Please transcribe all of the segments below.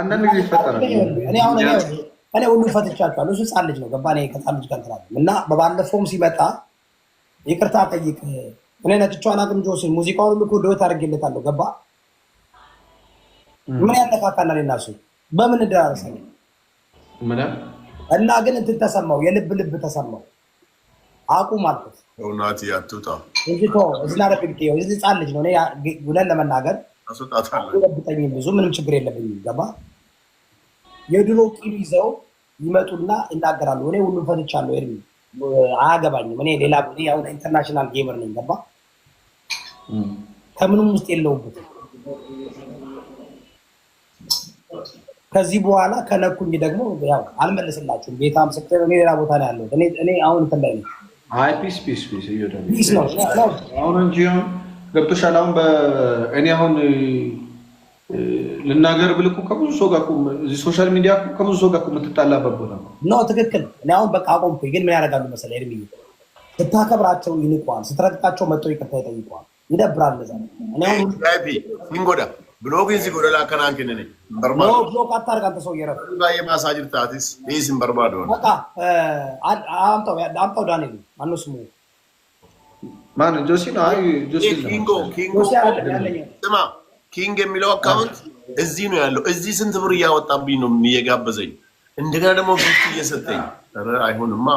አንዳንድ ጊዜ ይፈጠራል። እኔ ሁሉም ፈትቻቸዋለሁ። እሱ ህፃን ልጅ ነው ገባ ከህፃን ልጅ ጋር እና በባለፈውም ሲመጣ ይቅርታ ጠይቅ እኔ ነጭቿን አቅም ጆስን ሙዚቃውን ሁሉ ዶት አድርጌለታለሁ። ገባ ምን ያነካካናል? እና በምን ደራረሰ እና ግን እንትን ተሰማው፣ የልብ ልብ ተሰማው። አቁም አልኩት። ናቲ ያቱታ እዚ ህፃን ልጅ ነው ሁለን ለመናገር አስወጣታለሁ። ብዙ ምንም ችግር የለብኝም። ገባ የድሮ ቂም ይዘው ይመጡና ይናገራሉ። እኔ ሁሉም ፈትቻለሁ። ኤርሚ አያገባኝም። እኔ ሌላ ኢንተርናሽናል ጌመር ነኝ። ገባ ከምንም ውስጥ የለውበትም ከዚህ በኋላ ከነኩኝ ደግሞ ያው አልመልስላችሁም። ቤታ ምስክር እኔ ሌላ ቦታ ነው ያለሁት። እኔ አሁን እንትን ላይ ነው። አይ ፒስ ፒስ ፒስ ነው አሁን እንጂ ገብቶሻል። አሁን እኔ አሁን ልናገር ብል እኮ ከብዙ ሰው ጋር እዚህ ሶሻል ሚዲያ ከብዙ ሰው ጋር የምትጣላበት ቦታ ነው። ትክክል። እኔ አሁን በቃ አቆምኩኝ። ግን ምን ያደርጋሉ መሰለ እድሜ ስታከብራቸው ይንቋል፣ ስትረግጣቸው መጥቶ ይቅርታ ይጠይቋል። ይደብራል። ለዛ ንጎዳ ብሎግ ዚ ጎደላ ከናንኪን ነኝ ብሎግ አታርግ አንተ ሰው እየረ ማሳጅ ታቲስ ይህ ሲንበርባዶ አምጣው ዳንኤል ማነው ስሙ ማን ጆሲ አይ ጆሲ ኪንጎ ኪንጎ ስማ፣ ኪንግ የሚለው አካውንት እዚህ ነው ያለው። እዚህ ስንት ብር እያወጣብኝ ነው እየጋበዘኝ፣ እንደገና ደግሞ ጊፍት እየሰጠኝ። ኧረ አይሆንማ።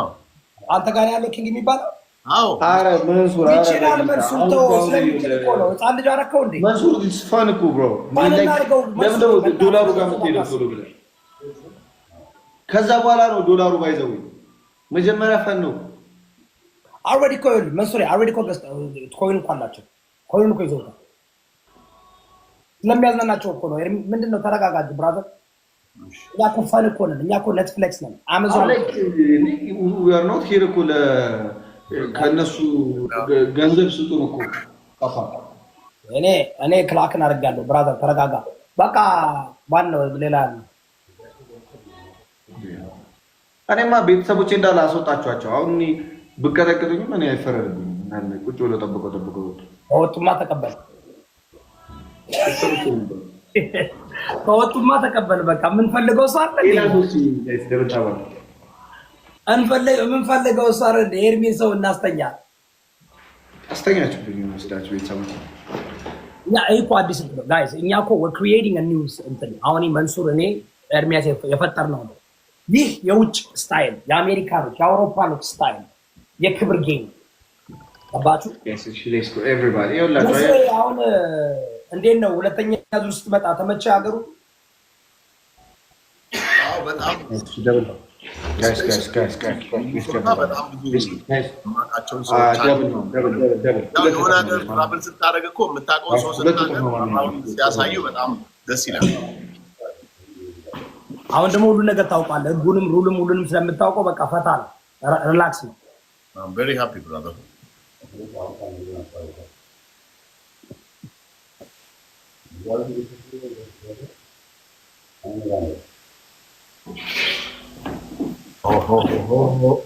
አንተ ጋር ያለው ኪንግ የሚባለው አዎ። ኧረ መንሱር ይችላል። መንሱር ተው፣ ህፃን ልጅ አደረከው እንዴ? መንሱር ስፋን እኮ ብሮ፣ ለምን ደግሞ ዶላሩ ጋር የምትሄደው ቶሎ ብለህ? ከዛ በኋላ ነው ዶላሩ ባይዘው፣ መጀመሪያ ፈን ነው አልሬዲ እኮ መንሱሪ አልሬዲ እኮ ኮይን እኮ አላቸው። ኮይን እኮ ይዘውታል። ስለሚያዝናናቸው እኮ ነው። ምንድነው? ተረጋጋጅ ብራዘር። እኛ እኮ ፈን እኮ ነን። እኛ እኮ ኔትፍሊክስ ነን፣ አማዞን ኖት ሄር እኮ ከእነሱ ገንዘብ ስጡን እኮ እኔ እኔ ክላክን አድርጋለሁ። ብራዘር ተረጋጋ። በቃ ማነው ሌላ እኔማ ቤተሰቦቼ እንዳላስወጣችኋቸው አሁን ብቀጠቅጡኝ እኔ አይፈረድብኝ። ቁጭ ብሎ ጠብቆ ጠብቆ ከወጡማ ተቀበል ከወጡማ ተቀበል። በቃ የምንፈልገው እሱ አለ የምንፈልገው እሱ አለ። ኤርሚን ሰው እናስተኛ አስተኛችሁብኝ መስዳችሁ ቤተሰቦች እኛ እኮ አዲስ ጋይስ እኛ እኮ ክሪኤቲንግ ኒውስ እንትን አሁን መንሱር እኔ ኤርሚያስ የፈጠርነው ነው። ይህ የውጭ ስታይል የአሜሪካኖች የአውሮፓኖች ስታይል የክብር ጌም አባቱ አሁን እንዴት ነው? ሁለተኛ ዙር ስትመጣ ተመቸ ሀገሩ? የሆነ ሀገር ስታደርግ እኮ የምታውቀው ሰው ሲያሳዩ በጣም ደስ ይላል። አሁን ደግሞ ሁሉን ነገር ታውቃለህ። ህጉንም፣ ሩልም ሁሉንም ስለምታውቀው በቃ ፈታ ነው፣ ሪላክስ ነው። I'm very happy, brother. Oh, oh, oh,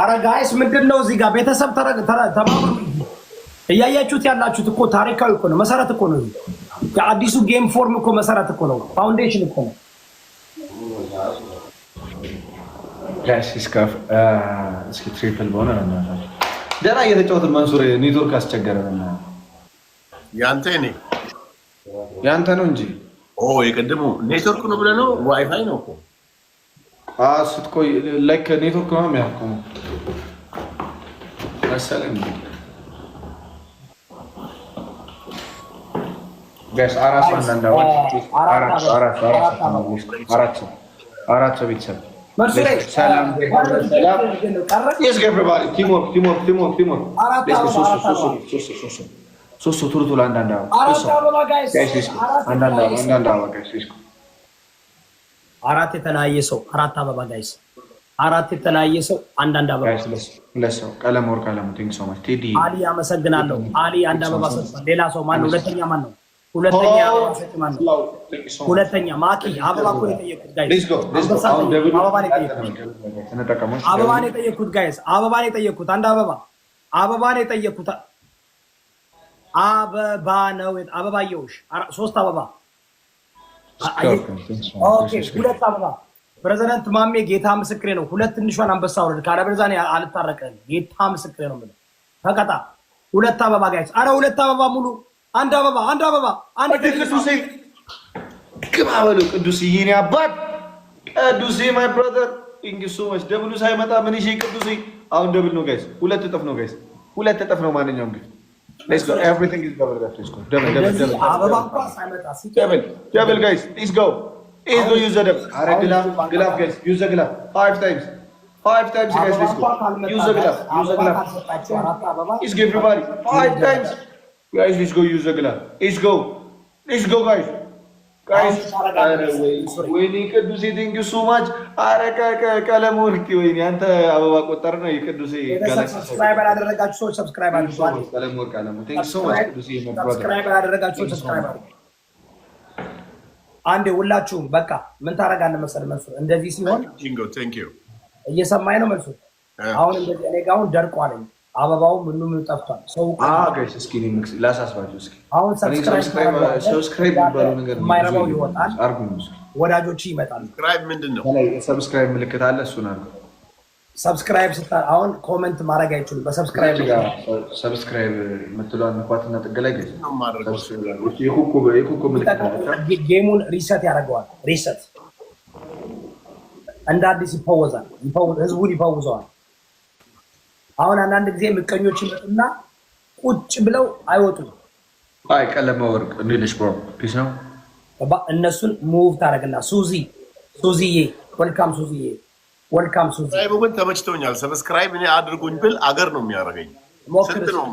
አረ ጋይስ ምንድን ነው እዚህ ጋር ቤተሰብ እያያችሁት ያላችሁት እኮ ታሪካዊ እኮ ነው። መሰረት እኮ ነው። የአዲሱ ጌም ፎርም እኮ መሰረት እኮ ነው። ፋውንዴሽን እኮ ነው። Uh, እስኪ ትሪፕል በሆነ ደህና እየተጫወትን መንሱር ኔትወርክ አስቸገረ። ያንተ ያንተ ነው እንጂ የቀድሞ ኔትወርክ ነው ብለህ ነው ዋይፋይ ነው እኮ ስትቆይ ላይክ ኔትወርክ ነው መሰለኝ። አራት ቤተሰብ አራት የተለያየ ሰው አራት አበባ ጋይስ አራት የተለያየ ሰው አንዳንድ አበባ ቀለም ወር ቴዲ አሊ አመሰግናለሁ። አሊ አንድ አበባ ሰጥቷል። ሌላ ሰው ማነው? ሁለተኛ ማን ነው? ሁለተኛ ሁለተኛ ማኪ አበባ እኮ አበባ ነው የጠየኩት። ጋይስ አበባ ነው የጠየኩት። አንድ አበባ አበባ ነው የጠየኩት። አበባ ነው አበባ ሶስት አበባ ሁለት አበባ ፕሬዚደንት ማሜ ጌታ ምስክሬ ነው። ሁለት ትንሿን አንበሳ ውረድ ካለበለዚያ እኔ አልታረቅም። ጌታ ምስክሬ ነው። ሁለት አበባ ጋይስ፣ አረ ሁለት አበባ ሙሉ አንድ አበባ አንድ አበባ አንድ ቅዱስ ግባ በለው። ቅዱስ የኔ አባት ቅዱስ ማይ ብራዘር ቲንክ ሶ ደብሉ ሳይመጣ ምን እሺ ቅዱስ አሁን ደብል ነው ጋይስ፣ ሁለት እጥፍ ነው ጋይስ፣ ሁለት እጥፍ ነው። ማንኛውም ግን ሌትስ ጎ ኤቭሪቲንግ ኢዝ ደብል ሌትስ ጎ ደብል ደብል ደብል አበባ ደብል ደብል ጋይስ ሌትስ ጎ ሌትስ ጎ ዩዝ ደብል አረ ግላፍ ግላፍ ጋይስ ዩዝ ዘ ግላፍ ፋይቭ ታይምስ ዩዝ ዘ ግላፍ ዩዝ ዘ ግላፍ ኢዝ ኤቭሪባዲ ፋይቭ ታይምስ Guys, let's go use the glove. Let's go. Let's go, guys. Guys, ወይኔ ቅዱሴ ቴንክ ዩ ሶ ማች። አረ ቀለሙ ልክ ወይኔ አንተ አበባ ቆጠር ነው የቅዱሴ አንዴ ሁላችሁም በቃ ምን ታደርጋለህ መሰለህ መልሱ እንደዚህ ሲሆን እየሰማኝ ነው መልሱ አሁን እንደዚህ እኔ ጋር አሁን ደርቆ አበባው ምንም ጠፍቷል። ሰው እስኪ ላሳስባችሁ። እስኪ አሁን የማይረባው ይወጣል፣ ወዳጆች ይመጣሉ። ሰብስክራይብ ምልክት አለ፣ እሱን አድርጉ። ሰብስክራይብ ስታ አሁን ኮመንት ማድረግ አይችሉም። በሰብስክራይብ ሰብስክራይብ የምትለዋን ንኳትና ጥግ ላይ ጌሙን ሪሰት ያደርገዋል። ሪሰት እንደ አዲስ ይፈወዛል፣ ህዝቡን ይፈውዘዋል። አሁን አንዳንድ ጊዜ ምቀኞች ይመጡና ቁጭ ብለው አይወጡም። አይ ቀለመ ወርቅ እንዴልሽ ብሮ ፒስ ነው። እነሱን ሙቭ ታደረግና ሱዚ ሱዚዬ፣ ወልካም ሱዚዬ፣ ወልካም ሱዚ። ሳይቡ ግን ተመችቶኛል። ሰብስክራይብ እኔ አድርጉኝ ብል አገር ነው የሚያደርገኝ። ስንት ነው?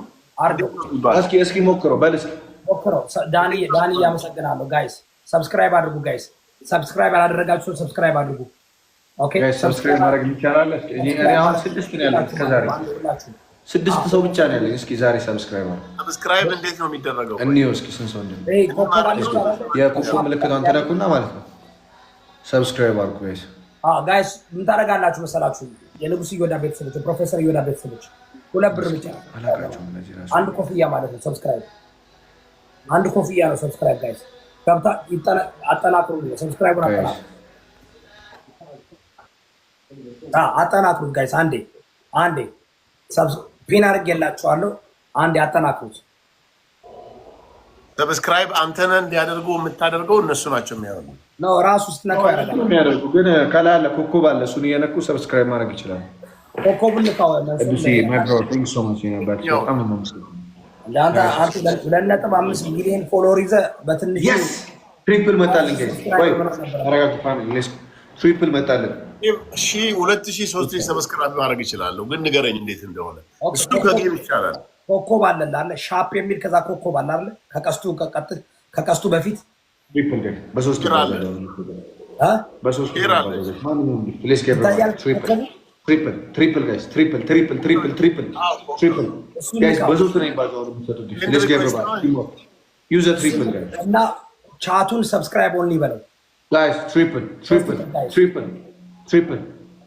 እስኪ እስኪ ሞክሮ በል እስኪ ዳኒ ዳኒ፣ አመሰግናለሁ ጋይስ። ሰብስክራይብ አድርጉ ጋይስ። ሰብስክራይብ አላደረጋችሁ፣ ሰብስክራይብ አድርጉ። ሰብስክራይብ ማድረግ ይቻላል። አሁን ስድስት ነው ያለ ከዛሬ ስድስት ሰው ብቻ ነው ያለኝ። እስኪ ዛሬ ሰብስክራይብ አለ። ሰብስክራይብ እንዴት ነው የሚደረገው? እኒው እስኪ ስንት ሰው እንደሆነ የኮኮ ምልክቷን ተነኩና ማለት ነው። ሰብስክራይብ አድርጉ ጋይስ። ጋይስ ምን ታደርጋላችሁ መሰላችሁ? የንጉስ እዮዳ ቤተሰቦች፣ የፕሮፌሰር እዮዳ ቤተሰቦች ሁለት ብር ብቻ አንድ ኮፍያ ማለት ነው። ሰብስክራይብ አንድ ኮፍያ ነው። ሰብስክራይብ ጋይስ ገብታ አጠናክሩ። ሰብስክራይቡን አጠናክሩ አጠናክሩት ጋይስ። አንዴ አንዴ ሰብስክራይብ አድርጌላችኋለሁ። አንዴ አጠናክሩት። ሰብስክራይብ አንተነህ እንዲያደርጉ የምታደርገው እነሱ ናቸው የሚያደርጉ ነው። ራሱ ስትነካ ያደርጋል የሚያደርጉ ግን ከላይ አለ ኮኮብ አለ። እሱን እየነኩ ሰብስክራይብ ማድረግ ይችላል። ኮከቡን ልካው ሁለት ነጥብ አምስት ሚሊዮን ፎሎወር ይዘህ በትንሽ ትሪፕል መጣልን ትሪፕል መጣልን ሁለት ሺህ ሦስት ሺህ ሰብስክራይብ ማድረግ ይችላለሁ፣ ግን ንገረኝ እንዴት እንደሆነ። እሱ ከጌም ይቻላል። ኮከብ አለ አለ ሻፕ የሚል ከዛ ኮከብ አለ አለ ከቀስቱ ከቀስቱ በፊት ቻቱን ሰብስክራይብ ኦንሊ በለው triple.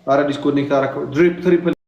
Para disco ni karakter, drip triple